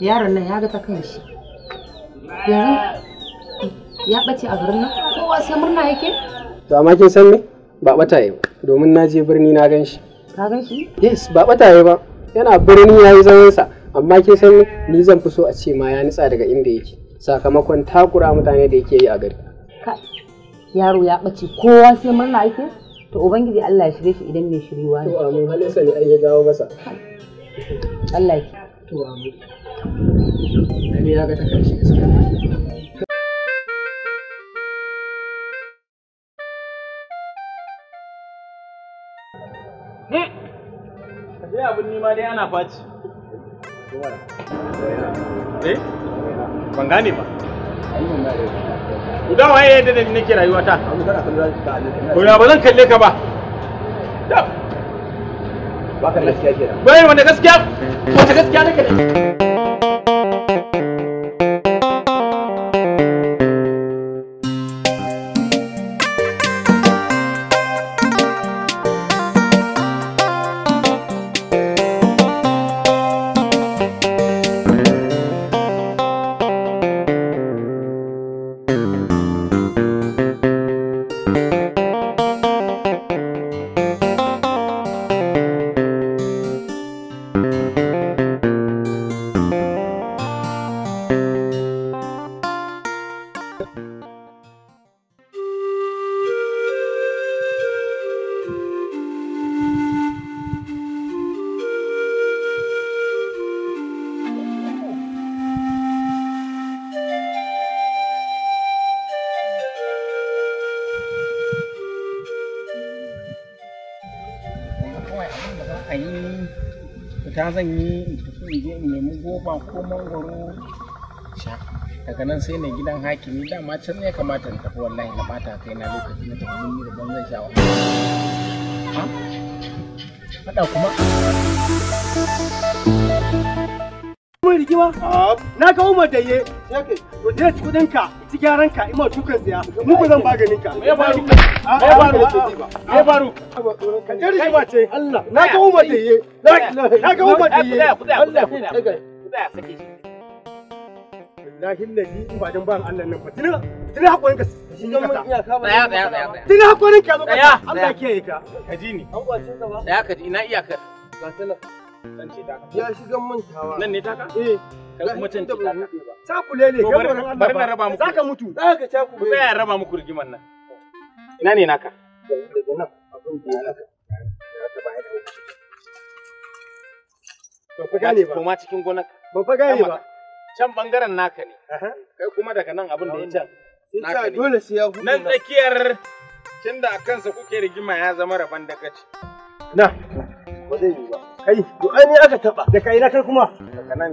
yaron nan ya ga ta kan shi yanzu ya ɓace a garin nan kowa sai murna yake to amma kin san me ba ɓata yi domin na je birni na gan shi ka gan shi yes ba ɓata yi ba yana birni ya yi sa amma kin san me ni zan fi so a ce ma ya nitsa daga inda yake sakamakon takura mutane da yake yi a gari yaro ya ɓace kowa sai murna yake to ubangiji Allah ya shirye shi idan mai shiriwa ne to amin halinsa ne ai ya dawo masa Allah ya to a mu dani ya ga ta karshe gaskiya Sai hmm. abin nima dai ana faci. Eh? Ban gane ba. Guda waye yadda da nake rayuwata? Ko ya ba zan kalle ka ba. baka gaskiya kenan bayan wanda gaskiya wata gaskiya nake da yi fita zan yi in in je in nemi goba ko mangoro sha daga nan sai na gidan hakimi dama can ne kamata in tafi wallahi na bata kai na lokaci na tafi mun da ban zan sha Hada kuma. Mun rigima? Na ga Umar da ye. Sai ke, to je ka masu gyaran ka ima dukan tsaya zan maganin ka me faru ah, ah, me faru ah, me faru rigima ce Allah na ga umar da na ga da Allah da ba dan ban Allah nan ba tuna tuna ka shi tsaya tsaya tsaya tuna ka zo Allah ka ni an kwace ka ba tsaya ina iyakar dan ce ya mantawa nan ne taka eh kai kuma cin ta ne kai wannan bari na raba muku zaka mutu zaka cakule ku tsaya raba muku rigiman nan ina ne naka da ba fa gane ba kuma cikin ba fa gane ba can bangaren naka ne kai kuma daga nan abin da ya can naka ne dole sai ya hudu nan tsakiyar da a kansa kuke rigima ya zama rabon dagaci na ba zai yi ba kai to ai aka taba da kai na kai kuma daga nan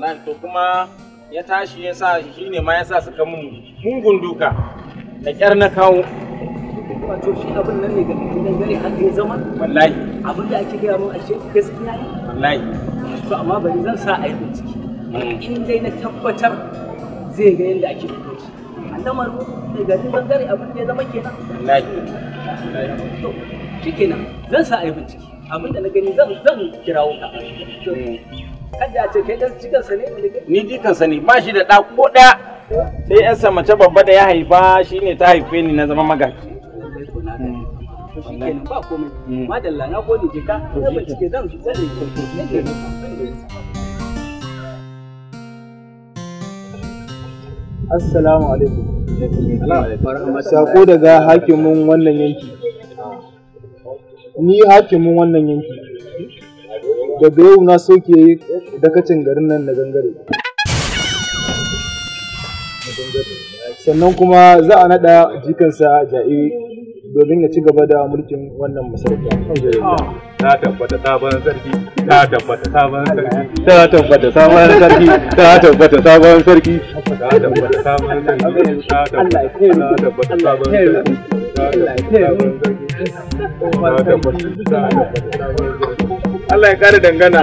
nan to kuma ya tashi ya sa shi ne ma ya sa suka mun mungun duka da kyar na kawo wato shi abin nan ne ga gidan gari haka ya zama wallahi abin da ake gaya mun ashe gaskiya ne wallahi to amma bari zan sa a yi bincike hmm. in dai na tabbatar zai ga yadda ake bincike annamar ne ga gidan gari abin da ya zama kenan wallahi to shi kenan zan sa a yi bincike abin da na gani zan zan kirawo ka hmm. Kada a ce kai dan ne Ni jikansa ne ba shi da ɗa ko ɗaya. Sai 'yan mace babba da ya haifa shine ta haife ni na zama magaji. Hmm. shi kenan ba komai hmm. madalla na gode je ka ne Assalamu alaikum. Sako daga hakimin wannan yanki. Ni hakimin wannan yanki. Daga yau na soke dakacin garin nan na gangare sannan kuma za a naɗa jikansa ja'i domin ya ci gaba da mulkin wannan masarauta. Ta tabbata sabon sarki, ta tabbata sabon sarki, ta tabbata sabon sarki, ta tabbata sabon sarki, ta tabbata sabon sarki, ta tabbata sabon sarki, ta tabbata sabon sarki. Allah ya kare dangana.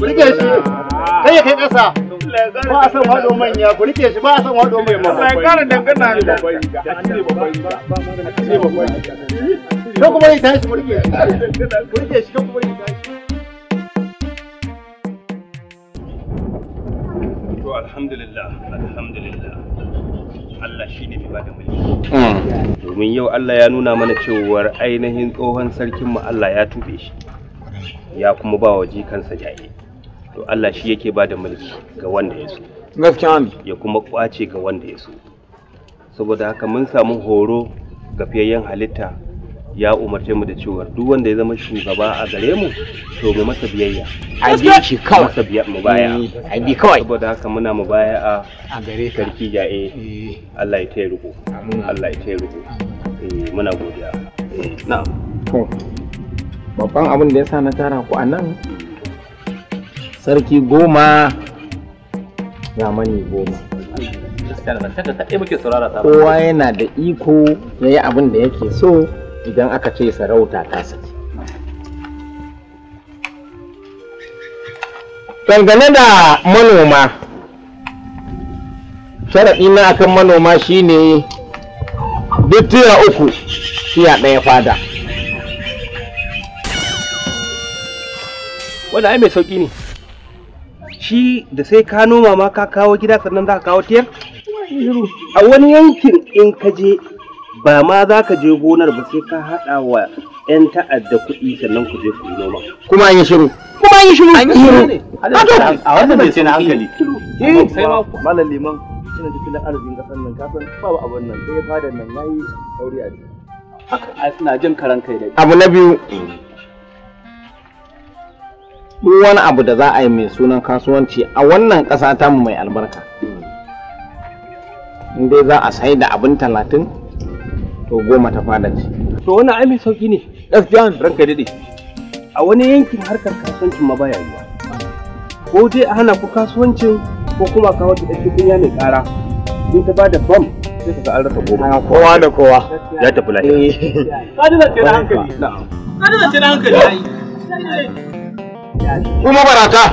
ku rike shi kai ya kai ƙasa ba a san haɗo manya ku rike shi ba a san haɗo mai ma ba ƙara dangana da ko kuma ya tashi ku rike shi ku rike shi kan kuma ya tashi to alhamdulillah alhamdulillah Allah shi ne mai bada mulki hmm. domin yau Allah ya nuna mana cewar ainihin tsohon sarkinmu Allah ya tube shi ya kuma ba wa jikansa jaye to Allah shi yake ba da mulki ga wanda ya so gaskiya ne ya kuma kwace ga wanda ya so saboda haka mun samu horo ga fiyayyen halitta ya umarce mu da cewa duk wanda ya zama shugaba a gare mu to mu masa biyayya a bi shi kawai masa biya mu baya eh, a bi kawai saboda haka muna mu baya a a gare sarki ja'e eh. Allah ya taya riko Allah ya taya riko eh muna godiya eh, na'am to babban abin da ya sa na tara ku a nan sarki goma zamani goma kowa yana da iko ya yi abin da yake so idan aka ce sarauta ta saki dangane da manoma sharaɗi na akan manoma shine duk tiya uku tiya ɗaya fada wanda ai mai sauƙi ne shi da sai ka noma ma ka kawo gida sannan za ka kawo tiyar a wani yankin in ka je ba ma za ka je gonar ba sai ka haɗa wa 'yan ta'adda kuɗi sannan ku je ku yi noma kuma an yi shiru kuma an yi shiru an yi shiru a wannan bai sai na hankali sai ma malam liman cikin arzikin nan kafin babu abin nan sai nan sauri a haka suna jin karan kai da abu na biyu duk wani abu da za a yi mai sunan kasuwanci a wannan ƙasa ta mu mai albarka in dai za a sai da abin talatin to goma ta fada ce to wani ai mai sauki ne jan ranka dade a wani yankin harkar kasuwancin ma baya yiwa ko dai a hana ku kasuwancin ko kuma kawo ta ɗauki kunya mai ƙara in ta bada bam sai ka ga an rasa goma ah, kowa da kowa ya tafi lafiya eh. ka dina tsira hankali ka dina ce hankali kuma barata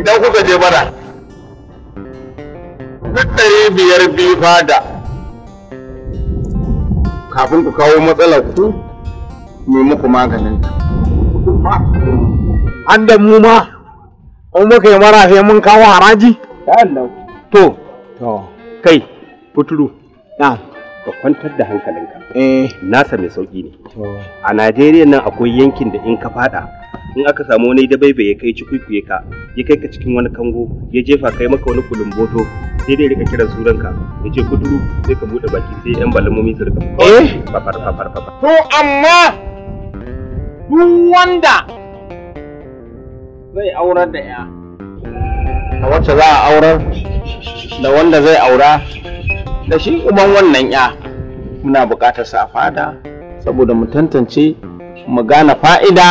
idan kuka je bara duk ɗari biyar biyu fada kafin ku kawo matsalar ku mai muku maganin an da mu ma an muka yi mara sai mun kawo haraji to kai kuturu na ka kwantar da hankalinka eh. nasa mai sauki ne a najeriya nan akwai yankin da in ka fada in aka samu wani da bai ya kai kuye-kuye ka ya kai ka cikin wani kango ya jefa kai maka wani kulumboto sai dai rika kiran sunanka ya ce kuduru sai ka bude baki sai yan balamomi su rika eh? fafar fafar fafar to amma duk wanda zai aurar da ya a wacce za a aurar da wanda zai aura da shi uban wannan ya muna buƙatar sa fada saboda mu tantance mu gane fa'ida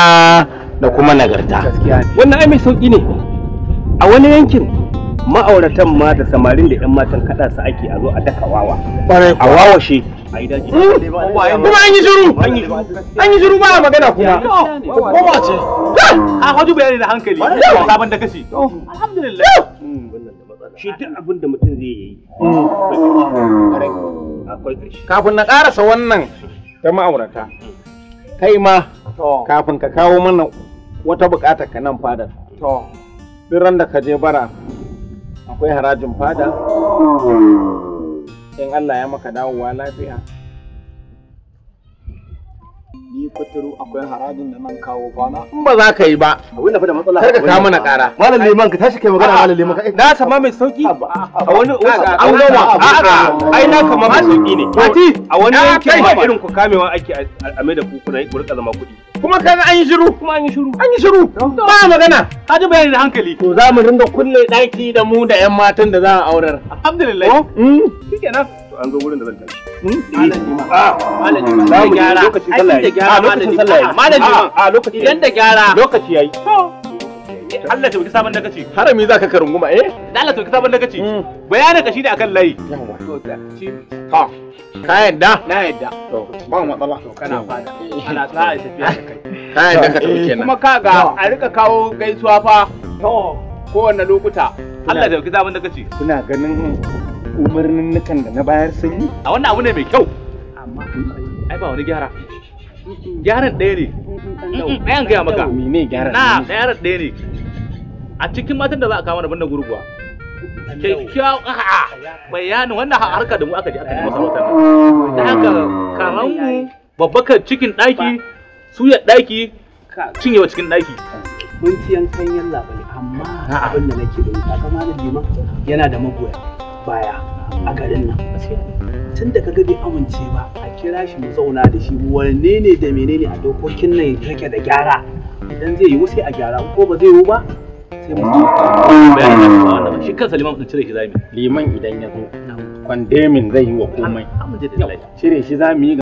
da kuma nagarta wannan ai mai sauki ne a wani yankin ma'auratan ma da samarin da 'yan matan kada su ake a zo a daka wawa a wawa shi kuma hmm? an yi shiru an yi shiru ba magana kuma ko ba ce a ah, hajji bayani da hankali sabon da kashi alhamdulillah shi duk abin da kafin na ƙarasa wannan ta ma'aurata kai ma kafin ka kawo mana wata buƙatar ka nan fadar duk da ka je bara akwai harajin fada in Allah ya maka dawowa lafiya kuɗi akwai harajin da nan kawo bana in ba za ka yi ba abin da fa da matsala kar ka kawo mana ƙara malam liman ka tashi kai magana malam liman na sama mai sauki a wani an gama a'a ai na kama mai sauki ne a wani yankin ba irin ku kamewa ake a mai da ku kuna ku rika zama kuɗi kuma kaga an yi shiru kuma an yi shiru an yi shiru ba magana ka ji bayani da hankali to za mu dinga kulle ɗaki da mu da yan matan da za a aurar alhamdulillah oh, hmm. shikenan to an zo wurin da zan tashi Idan da gyara. Lokaci yayi. Allah tauki sabon Lokaci Harami za ka ka runguma eh? Allah tauki sabon dagaci. Bayanin ka shine akan layi. Ha. Ka yadda? Na yadda. To ba matsala. To kana fada. Ana tsaya tafiya da kai. Ka yadda ka tauki kenan. Kuma a rika kawo gaisuwa fa. To kowanne lokuta. Allah tauki sabon dagaci. Kuna ganin umarnin nukan da na bayar sun yi a wannan abu ne mai kyau amma ai ba wani gyara gyaran ɗaya ne ɗayan gaya maka Mene gyaran na gyaran ɗaya ne a cikin matan da za a kama da bin da gurguwa kyakkyawan a'a bayanin wannan harka da mu aka ji aka ji masarautar da haka mu babbakar cikin ɗaki suya ɗaki cinyewa cikin ɗaki mun ci yankan yalla amma abin da nake da wuta kamar da yana da magoya baya a garin nan tun da kaga bai amince ba a kira shi mu zauna da shi wanne ne da menene a dokokin nan yake da gyara idan zai yiwu sai a gyara ko ba zai yiwu ba sai mu bayani shi kansa liman cire shi zami liman idan ya zo kwandemin zai yi wa komai cire shi zami